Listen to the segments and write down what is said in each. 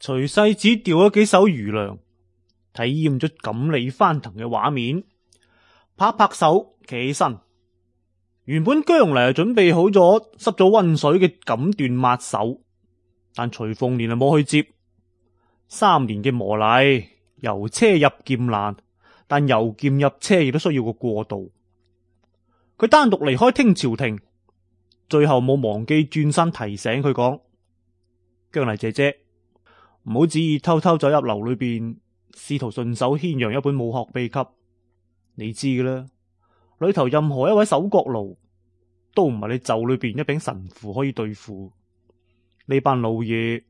徐世子掉咗幾手魚糧，體驗咗錦鯉翻騰嘅畫面，拍拍手，企起身。原本姜麗啊準備好咗濕咗温水嘅錦緞抹手，但徐鳳年啊冇去接三年嘅磨礪，由奢入儉難，但由儉入奢亦都需要個過渡。佢單獨離開聽潮亭，最後冇忘記轉身提醒佢講，姜麗姐姐。唔好旨意，偷偷走入樓裏邊，試圖順手牽羊一本武學秘笈。你知嘅啦，裏頭任何一位守國奴，都唔係你袖裏邊一柄神符可以對付。呢班老嘢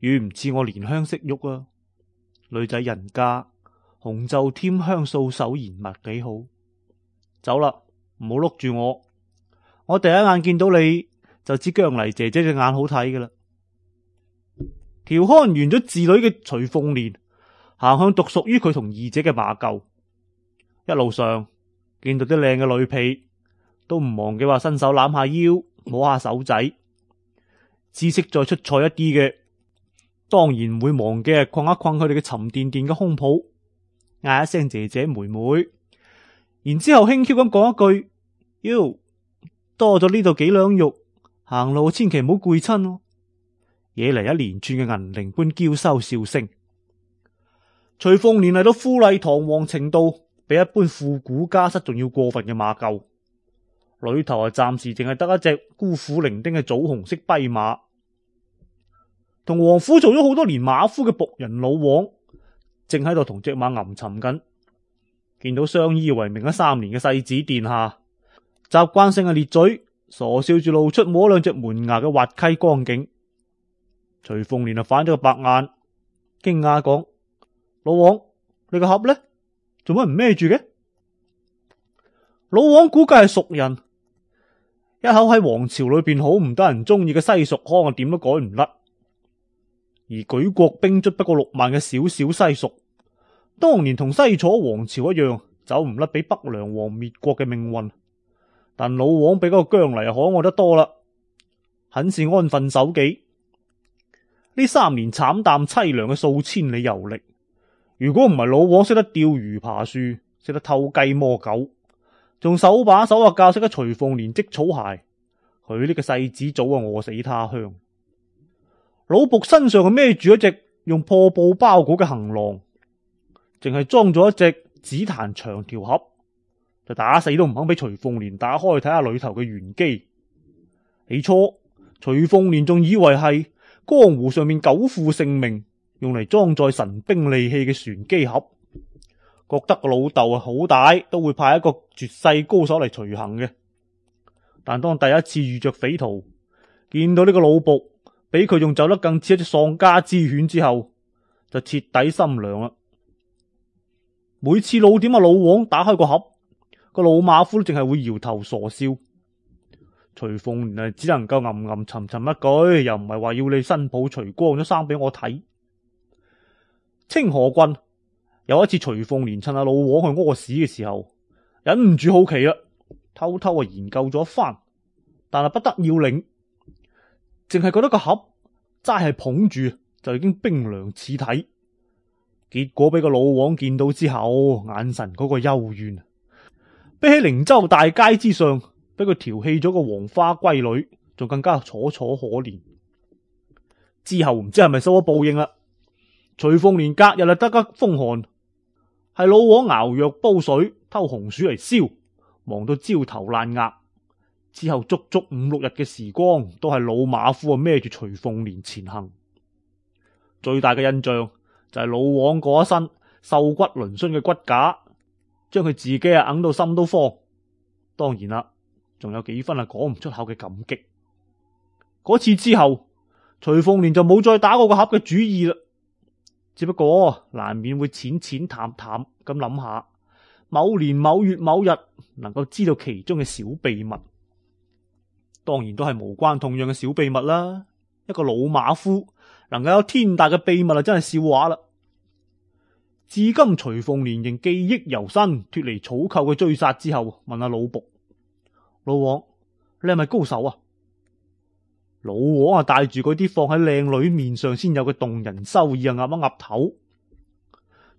遠唔似我憐香惜玉啊！女仔人家紅袖添香，素手研墨幾好。走啦，唔好碌住我。我第一眼見到你就知姜泥姐姐隻眼好睇噶啦。條康完咗子女嘅徐鳳年，行向獨屬於佢同二姐嘅馬厩。一路上見到啲靚嘅女婢，都唔忘記話伸手攬下腰，摸下手仔。知識再出彩一啲嘅，當然唔會忘記啊，困一困佢哋嘅沉甸甸嘅胸脯，嗌一聲姐姐妹妹，然之後輕佻咁講一句：，喲，多咗呢度幾兩肉，行路千祈唔好攰親惹嚟一連串嘅銀鈴般嬌羞笑聲。徐鳳年嚟到富麗堂皇程度，比一般富古家室仲要過分嘅馬廄裏頭，係暫時淨係得一隻孤苦伶仃嘅棗紅色跛馬。同王府做咗好多年馬夫嘅僕人老王，正喺度同隻馬吟沉緊，見到相依為命咗三年嘅世子殿下，習慣性嘅裂嘴傻笑住，露出冇兩隻門牙嘅滑稽光景。徐鳳年啊，反咗個白眼，驚訝講：老王，你個盒咧，做乜唔孭住嘅？老王估計係熟人，一口喺皇朝裏邊好唔得人鍾意嘅西蜀腔啊，點都改唔甩。而舉國兵卒不過六萬嘅小小西蜀，當年同西楚皇朝一樣，走唔甩俾北涼王滅國嘅命運。但老王比嗰個姜泥可愛得多啦，很是安分守己。呢三年慘淡凄涼嘅數千里遊歷，如果唔係老王識得釣魚爬樹，識得偷雞摸狗，仲手把手啊教識咗徐鳳年織草鞋，佢呢個世子早啊餓死他鄉。老僕身上係孭住一隻用破布包裹嘅行囊，淨係裝咗一隻紫檀長條盒，就打死都唔肯俾徐鳳年打開去睇下裏頭嘅玄機。起初，徐鳳年仲以為係。江湖上面久負盛名，用嚟裝載神兵利器嘅船機盒，覺得個老豆係好歹，都會派一個絕世高手嚟隨行嘅。但當第一次遇着匪徒，見到呢個老僕比佢仲走得更似一隻喪家之犬之後，就徹底心涼啦。每次老點啊老王打開個盒，個老馬夫淨係會搖頭傻笑。徐鳳年啊，只能夠暗暗沉沉一句，又唔係話要你新抱除光咗衫俾我睇。清河郡有一次，徐鳳年趁阿老黃去屙屎嘅時候，忍唔住好奇啦，偷偷啊研究咗一番，但係不得要領，淨係覺得個盒齋係捧住就已經冰涼刺體，結果俾個老黃見到之後，眼神嗰個幽怨，比起靈州大街之上。俾佢調戲咗個黃花閨女，仲更加楚楚可憐。之後唔知係咪收咗報應啦，徐鳳年隔日就得急風寒，係老王熬藥煲水，偷紅薯嚟燒，忙到焦頭爛額。之後足足五六日嘅時光，都係老馬夫啊孭住徐鳳年前行。最大嘅印象就係老王嗰一身瘦骨嶙峋嘅骨架，將佢自己啊硬到心都慌。當然啦。仲有幾分係，講唔出口嘅感激。嗰次之後，徐鳳年就冇再打過個盒嘅主意啦。只不過難免會淺淺淡淡咁諗下，某年某月某日能夠知道其中嘅小秘密，當然都係無關痛癢嘅小秘密啦。一個老馬夫能夠有天大嘅秘密啊，真係笑話啦。至今徐鳳年仍記憶猶新，脫離草寇嘅追殺之後，問阿老僕。老王，你係咪高手啊？老王啊，帶住嗰啲放喺靚女面上先有嘅動人羞意啊，岌一岌頭。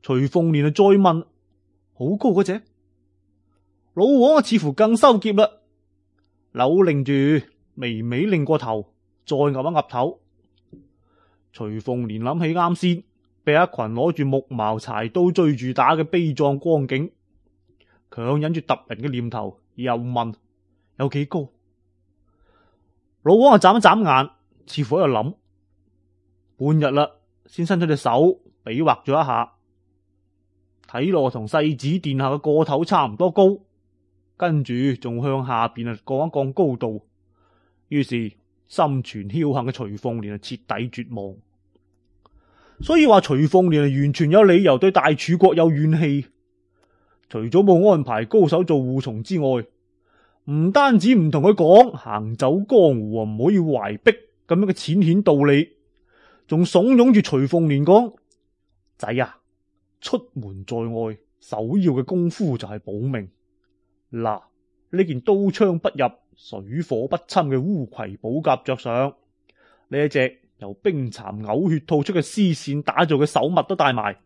徐鳳年就再問：好高嗰隻？老王啊，似乎更羞澀啦，扭擰住，微微擰過頭，再岌一岌頭。徐鳳年諗起啱先被一群攞住木矛柴刀追住打嘅悲壯光景，強忍住揼人嘅念頭，又問。有幾高？老王啊，眨一眨眼，似乎喺度諗半日啦，先伸出隻手比劃咗一下，睇落同世子殿下嘅個頭差唔多高，跟住仲向下邊啊降一降高度。於是心存僥倖嘅徐鳳年啊，徹底絕望。所以話徐鳳年啊，完全有理由對大楚國有怨氣。除咗冇安排高手做護從之外。唔單止唔同佢講行走江湖啊，唔可以懷璧咁樣嘅淺顯道理，仲慫恿住徐鳳年講：仔啊，出門在外首要嘅功夫就係保命。嗱，呢件刀槍不入、水火不侵嘅烏葵寶甲着上，呢一隻由冰蠶嘔血吐出嘅絲線打造嘅手襪都帶埋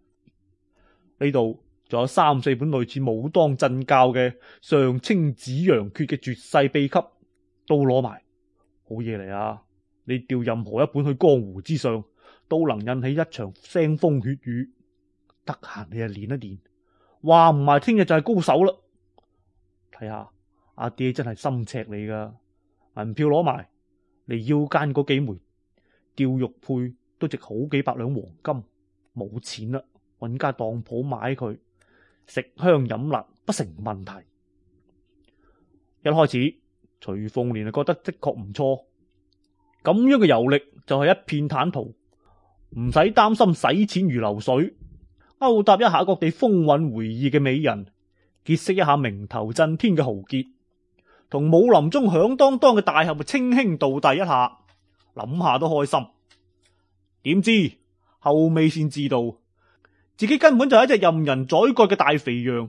呢度。仲有三四本類似武當鎮教嘅《上清紫陽訣》嘅絕世秘笈都攞埋，好嘢嚟啊！你釣任何一本去江湖之上，都能引起一場腥風血雨。得閒你啊練一練，話唔埋聽日就係高手啦！睇下阿爹真係心赤你噶，銀票攞埋，你腰間嗰幾枚吊玉佩都值好幾百兩黃金，冇錢啦，揾間當鋪買佢。食香飲辣不成問題。一開始，徐鳳年就覺得的確唔錯。咁樣嘅遊歷就係一片坦途，唔使擔心使錢如流水，勾搭一下各地風韻回憶嘅美人，結識一下名頭震天嘅豪傑，同武林中響當當嘅大俠，稱兄道弟一下，諗下都開心。點知後尾先知道。自己根本就係一隻任人宰割嘅大肥羊，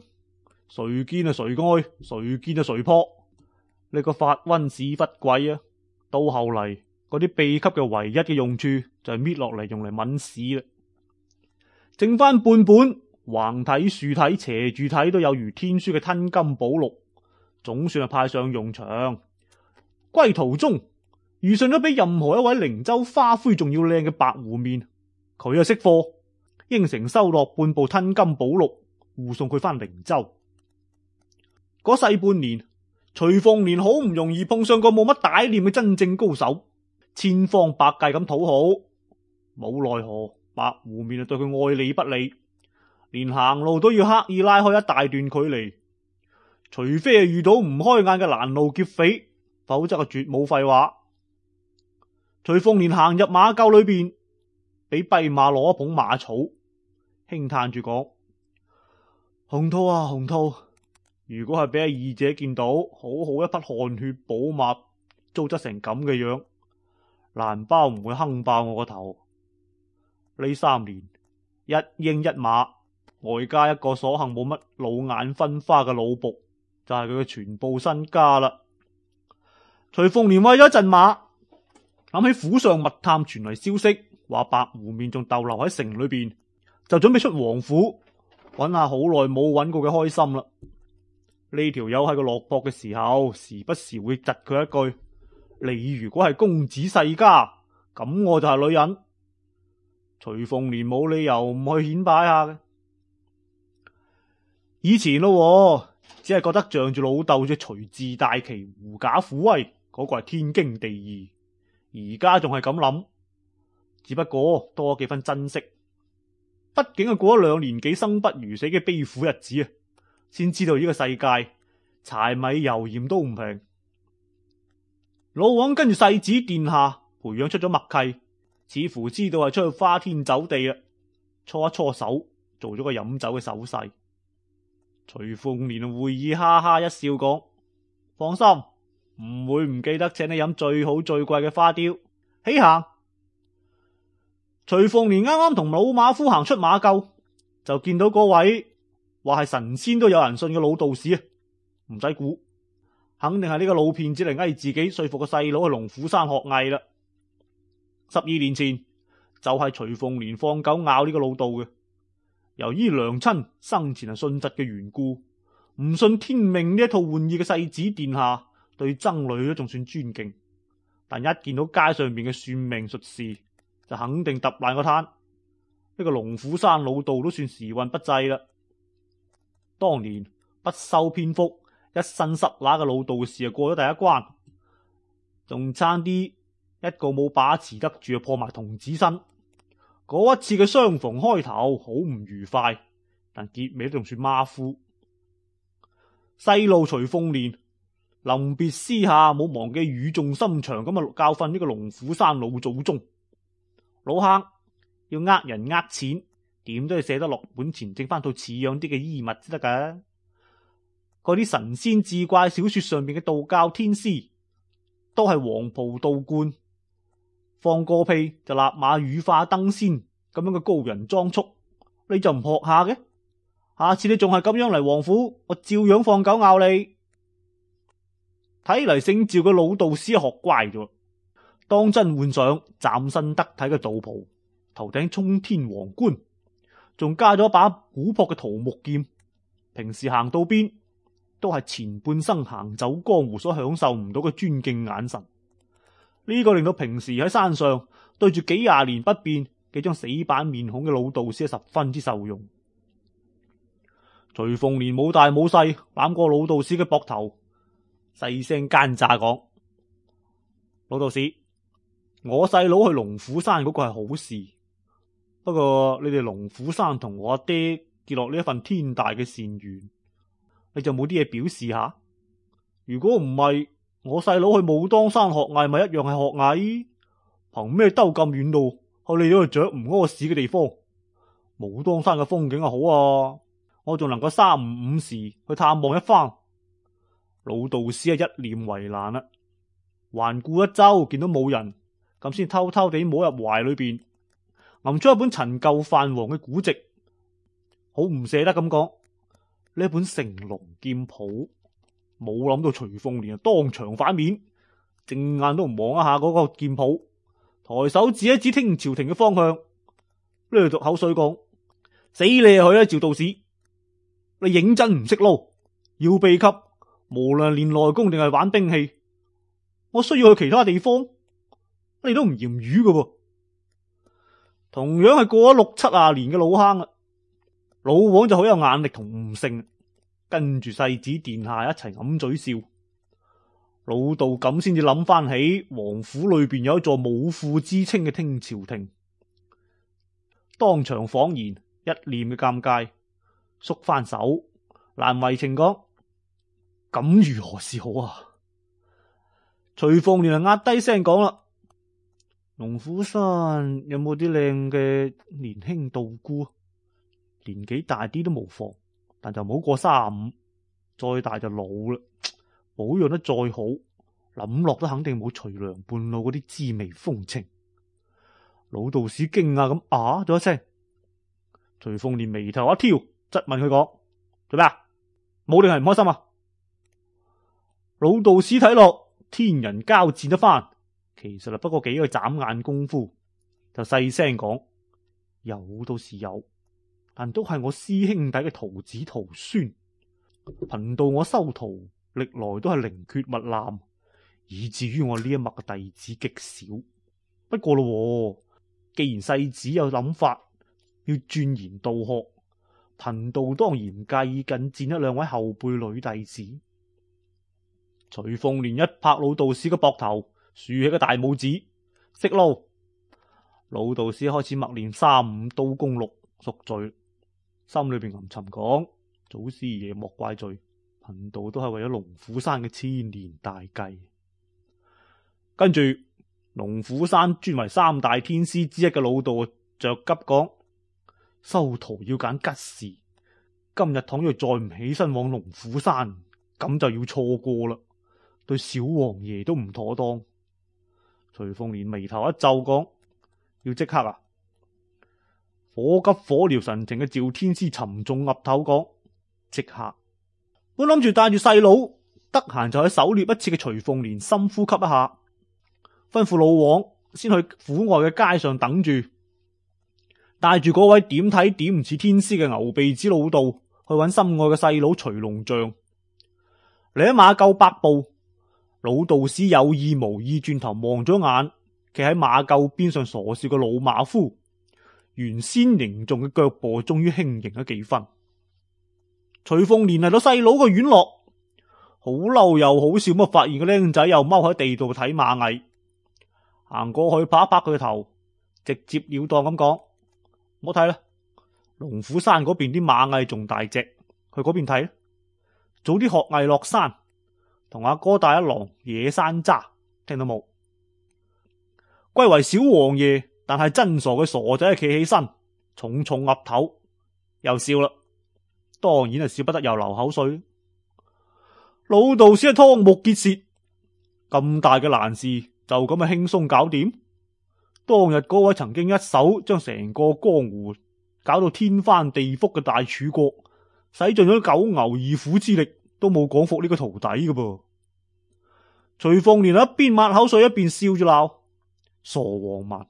誰見啊誰愛，誰見啊誰撲？呢個發瘟屎忽鬼啊！到後嚟嗰啲秘笈嘅唯一嘅用處就係搣落嚟用嚟吻屎啦，剩翻半本橫睇豎睇斜住睇都有如天書嘅吞金寶錄，總算係派上用場。歸途中遇上咗比任何一位靈州花魁仲要靚嘅白狐面，佢啊識貨。應承收落半部吞金寶錄，護送佢翻靈州。嗰細半年，徐鳳年好唔容易碰上個冇乜歹念嘅真正高手，千方百計咁討好，冇奈何白狐面啊對佢愛理不理，連行路都要刻意拉開一大段距離，除非係遇到唔開眼嘅攔路劫匪，否則係絕冇廢話。徐鳳年行入馬廄裏邊，俾跛馬攞一捧馬草。輕嘆住講：洪濤啊，洪濤，如果係俾阿二姐見到，好好一匹汗血寶馬，糟質成咁嘅樣，樣，難保唔會坑爆我個頭。呢三年一鷹一馬，外加一個所幸冇乜老眼昏花嘅老僕，就係佢嘅全部身家啦。徐鳳年餵咗一陣馬，諗起府上密探傳嚟消息，話白狐面仲逗留喺城裏邊。就準備出王府揾下好耐冇揾過嘅開心啦！呢條友喺佢落魄嘅時候，時不時會窒佢一句：你如果係公子世家，咁我就係女人。徐鳳年冇理由唔去顯擺下嘅。以前咯，只係覺得仗住老豆嘅徐氏大旗，狐假虎威，嗰個係天經地義。而家仲係咁諗，只不過多咗幾分珍惜。畢竟係，過咗兩年幾生不如死嘅悲苦日子啊，先知道呢個世界柴米油鹽都唔平。老王跟住世子殿下培養出咗默契，似乎知道係出去花天酒地啦，搓一搓手，做咗個飲酒嘅手勢。徐鳳年會意，哈哈一笑講：放心，唔會唔記得請你飲最好最貴嘅花雕。起行。徐鳳年啱啱同老馬夫行出馬廄，就見到嗰位話係神仙都有人信嘅老道士啊！唔使估，肯定係呢個老騙子嚟，呃自己，說服個細佬去龍虎山學藝啦。十二年前就係、是、徐鳳年放狗咬呢個老道嘅。由於娘親生前係信佛嘅緣故，唔信天命呢一套玩意嘅世子殿下對僧尼都仲算尊敬，但一見到街上邊嘅算命術士。就肯定揼爛個攤，呢個龍虎山老道都算時運不濟啦。當年不修邊幅，一身濕乸嘅老道士啊，過咗第一關，仲差啲一個冇把持得住啊，破埋童子身。嗰一次嘅相逢開頭好唔愉快，但結尾都仲算馬虎。細路徐鳳年，臨別私下冇忘記語重心長咁啊，教訓呢個龍虎山老祖宗。老坑要呃人呃錢，點都要捨得落本錢，整翻套似樣啲嘅衣物先得㗎。嗰啲神仙志怪小說上面嘅道教天師，都係黃袍道冠，放個屁就立馬羽化登仙，咁樣嘅高人裝束，你就唔學下嘅？下次你仲係咁樣嚟王府，我照樣放狗咬你。睇嚟姓趙嘅老道士學乖咗。當真換上站身得體嘅道袍，頭頂衝天皇冠，仲加咗把古朴嘅桃木劍。平時行到邊，都係前半生行走江湖所享受唔到嘅尊敬眼神。呢個令到平時喺山上對住幾廿年不變幾張死板面孔嘅老道士十分之受用。徐鳳年冇大冇細攬過老道士嘅膊頭，細聲奸詐講：老道士。我細佬去龍虎山嗰個係好事，不過你哋龍虎山同我阿爹結落呢一份天大嘅善緣，你就冇啲嘢表示下？如果唔係，我細佬去武當山學藝，咪一樣係學藝，憑咩兜咁遠路去你呢個雀唔屙屎嘅地方？武當山嘅風景啊，好啊，我仲能夠三五五時去探望一番。老道士啊，一臉為難啦，環顧一周，見到冇人。咁先偷偷地摸入懷裏邊，揞出一本陳舊泛黃嘅古籍，好唔捨得咁講呢一本成龍劍譜《成龍劍譜》。冇諗到徐鳳年當場反面，正眼都唔望一下嗰個劍譜，抬手指一指聽朝，朝廷嘅方向，呢度讀口水講：死你去啊趙道士！你認真唔識撈，要秘笈，無論練內功定係玩兵器，我需要去其他地方。你都唔嫌魚嘅，同樣係過咗六七十年嘅老坑啦。老王就好有眼力同悟性，跟住世子殿下一齊揞嘴笑。老道咁先至諗翻起王府裏邊有一座武庫之稱清嘅聽潮亭，當場恍然一念嘅尷尬，縮翻手，難為情講：咁如何是好啊？徐鳳年壓低聲講啦。龍虎山有冇啲靚嘅年輕道姑？年紀大啲都無妨，但就冇好過卅五，再大就老啦。保養得再好，諗落都肯定冇徐娘半老嗰啲滋味風情。老道士驚訝咁啊咗一聲，徐鳳年眉頭一挑質問佢講做咩啊？冇令係唔開心啊？老道士睇落天人交戰得番其實啦，不過幾個眨眼功夫，就細聲講：有到是有，但都係我師兄弟嘅徒子徒孫。貧道我收徒，歷來都係寧缺勿濫，以至於我呢一脈嘅弟子極少。不過啦、啊，既然世子有諗法，要鑽研道學，貧道當然唔介意近戰一兩位後輩女弟子。徐鳳年一拍老道士嘅膊頭。豎起個大拇指，識路老道士開始默念三五刀功六贖罪，心裏邊吟沉講：祖師爺莫怪罪，貧道都係為咗龍虎山嘅千年大計。跟住龍虎山尊為三大天師之一嘅老道着急講：收徒要揀吉時，今日倘若再唔起身往龍虎山，咁就要錯過啦，對小王爺都唔妥當。徐鳳年眉頭一皺，講：要即刻啊！火急火燎神情嘅趙天師沉重岌頭講：即刻！我諗住帶住細佬，得閒就喺狩獵一次嘅徐鳳年深呼吸一下，吩咐老王先去府外嘅街上等住，帶住嗰位點睇點唔似天師嘅牛鼻子老道去揾心愛嘅細佬徐龍象，你一馬夠八步。老道士有意無意轉頭望咗眼，企喺馬厩邊上傻笑嘅老馬夫，原先凝重嘅腳步終於輕盈咗幾分。徐鳳年嚟到細佬嘅院落，好嬲又好笑，咁發現個靚仔又踎喺地度睇螞蟻，行過去拍一拍佢嘅頭，直接了當咁講：冇睇啦，龍虎山嗰邊啲螞蟻仲大隻，去嗰邊睇，早啲學藝落山。同阿哥大一郎野山楂，聽到冇？歸為小王爺，但係真傻嘅傻仔企起身，重重岌頭，又笑啦。當然係少不得，又流口水。老道士啊，瞠目結舌。咁大嘅難事就咁啊輕鬆搞掂。當日嗰位曾經一手將成個江湖搞到天翻地覆嘅大柱國，使盡咗九牛二虎之力。都冇講服呢個徒弟嘅噃。徐鳳年一邊抹口水一邊笑住鬧：傻黃蠻，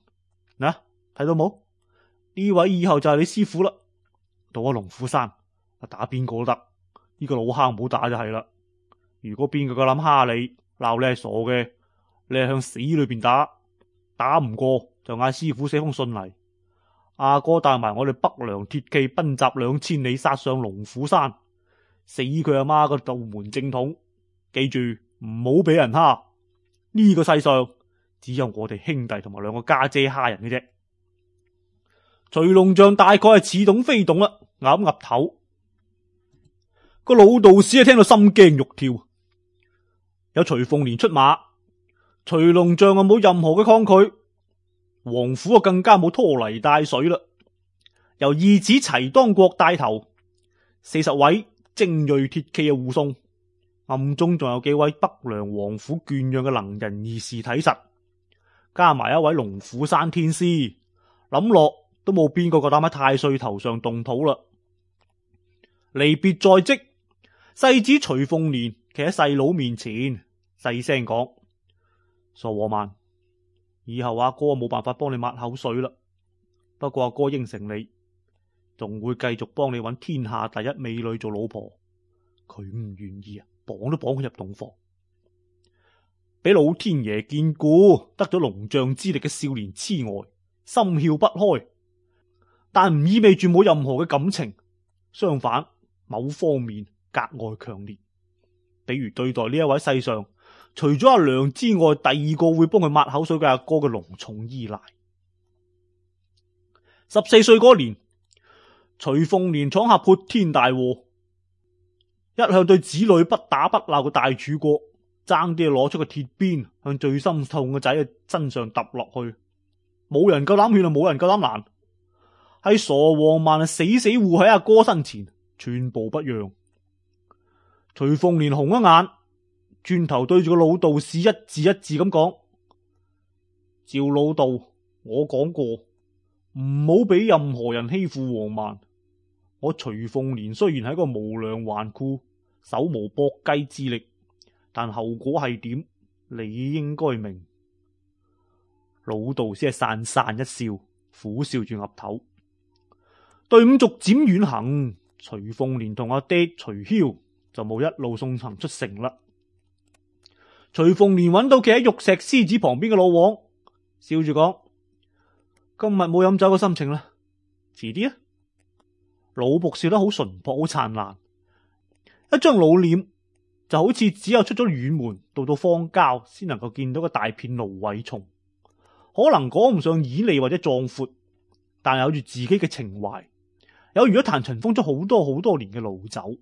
嗱、啊、睇到冇？呢位以後就係你師傅啦。到咗龍虎山，我打邊個都得，呢、這個老坑唔好打就係啦。如果邊個夠膽蝦你，鬧你係傻嘅，你係向死裏邊打，打唔過就嗌師傅寫封信嚟。阿哥，哥帶埋我哋北涼鐵騎，奔襲兩千里，殺上龍虎山。死佢阿媽嗰道門正統，記住唔好俾人蝦，呢個世上只有我哋兄弟同埋兩個家姐蝦人嘅啫。徐龍象大概係似懂非懂啦，咬岌頭個老道士啊，聽到心驚肉跳。有徐鳳年出馬，徐龍象啊冇任何嘅抗拒，黃虎啊更加冇拖泥帶水啦。由義子齊當國帶頭，四十位。精銳鐵騎嘅護送，暗中仲有幾位北涼王府豢養嘅能人異士睇實，加埋一位龍虎山天師，諗落都冇邊個夠膽喺太歲頭上動土啦。離別在即，世子徐鳳年企喺細佬面前細聲講，傻和尚，以後阿哥冇辦法幫你抹口水啦，不過阿哥應承你，仲會繼續幫你揾天下第一美女做老婆，佢唔願意啊，綁都綁佢入洞房，俾老天爺眷顧，得咗龍象之力嘅少年痴呆，心竅不開，但唔意味住冇任何嘅感情，相反，某方面格外強烈，比如對待呢一位世上除咗阿良之外，第二個會幫佢抹口水嘅阿哥嘅濃重依賴，十四歲嗰年。徐鳳年闖下潑天大禍，一向對子女不打不鬧嘅大柱國，爭啲攞出個鐵鞭向最心痛嘅仔身上揼落去。冇人夠膽勸，冇人夠膽攔，喺傻黃蠻死死護喺阿哥身前，寸步不讓。徐鳳年紅一眼，轉頭對住個老道士一字一字咁講：趙老道，我講過，唔好俾任何人欺負黃蠻。我徐鳳年雖然係一個無良紈絝，手無縛雞之力，但後果係點，你應該明。老道士係訕訕一笑，苦笑住岌頭。隊伍逐漸遠行，徐鳳年同阿爹徐驍就冇一路送行出城啦。徐鳳年揾到企喺玉石獅子旁邊嘅老王，笑住講：今日冇飲酒嘅心情啦，遲啲啊！老僕笑得好淳朴，好燦爛，一張老臉就好似只有出咗遠門，到到荒郊先能夠見到個大片蘆葦叢。可能講唔上綺麗或者壯闊，但有住自己嘅情懷，有如咗壇塵封咗好多好多年嘅老酒。